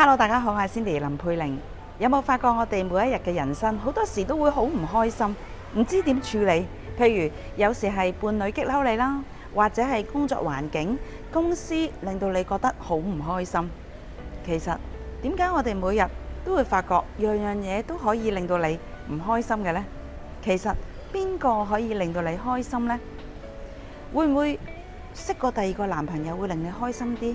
Hello，大家好，我係 Cindy 林佩玲。有冇發覺我哋每一日嘅人生，好多時都會好唔開心，唔知點處理？譬如有時係伴侶激嬲你啦，或者係工作環境、公司令到你覺得好唔開心。其實點解我哋每日都會發覺樣樣嘢都可以令到你唔開心嘅呢？其實邊個可以令到你開心呢？會唔會識個第二個男朋友會令你開心啲？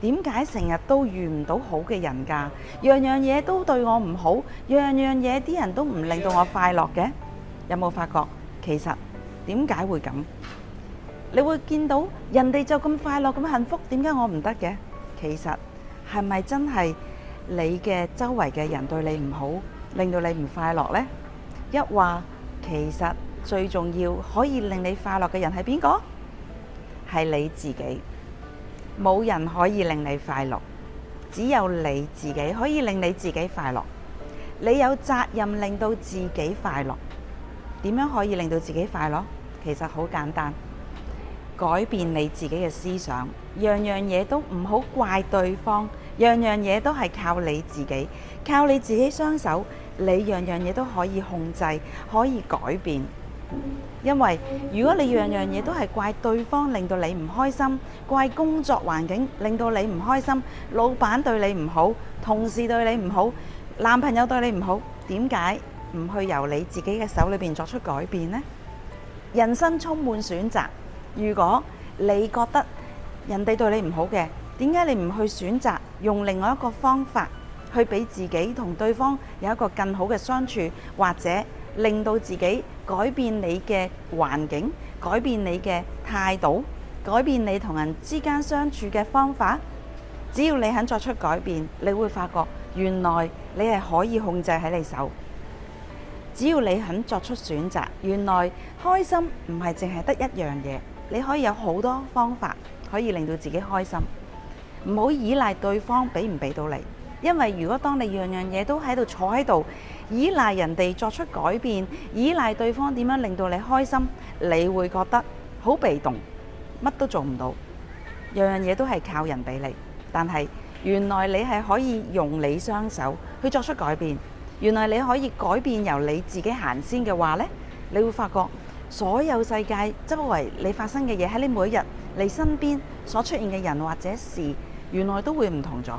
點解成日都遇唔到好嘅人噶？樣樣嘢都對我唔好，樣樣嘢啲人都唔令到我快樂嘅。有冇發覺？其實點解會咁？你會見到人哋就咁快樂咁幸福，點解我唔得嘅？其實係咪真係你嘅周圍嘅人對你唔好，令到你唔快樂呢？一話，其實最重要可以令你快樂嘅人係邊個？係你自己。冇人可以令你快樂，只有你自己可以令你自己快樂。你有責任令到自己快樂。點樣可以令到自己快樂？其實好簡單，改變你自己嘅思想。樣樣嘢都唔好怪對方，樣樣嘢都係靠你自己，靠你自己雙手，你樣樣嘢都可以控制，可以改變。因為如果你樣樣嘢都係怪對方，令到你唔開心，怪工作環境令到你唔開心，老闆對你唔好，同事對你唔好，男朋友對你唔好，點解唔去由你自己嘅手裏邊作出改變呢？人生充滿選擇，如果你覺得人哋對你唔好嘅，點解你唔去選擇用另外一個方法去俾自己同對方有一個更好嘅相處，或者？令到自己改變你嘅環境，改變你嘅態度，改變你同人之間相處嘅方法。只要你肯作出改變，你會發覺原來你係可以控制喺你手。只要你肯作出選擇，原來開心唔係淨係得一樣嘢，你可以有好多方法可以令到自己開心。唔好依賴對方俾唔俾到你。因為如果當你樣樣嘢都喺度坐喺度，依賴人哋作出改變，依賴對方點樣令到你開心，你會覺得好被動，乜都做唔到，樣樣嘢都係靠人俾你。但係原來你係可以用你雙手去作出改變，原來你可以改變，由你自己行先嘅話咧，你會發覺所有世界周圍你發生嘅嘢，喺你每日你身邊所出現嘅人或者事，原來都會唔同咗。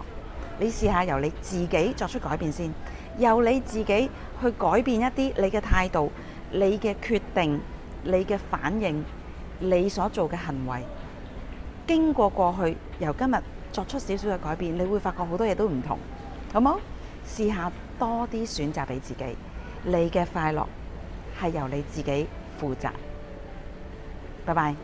你試下由你自己作出改變先，由你自己去改變一啲你嘅態度、你嘅決定、你嘅反應、你所做嘅行為。經過過去，由今日作出少少嘅改變，你會發覺好多嘢都唔同，好冇？試下多啲選擇俾自己，你嘅快樂係由你自己負責。拜拜。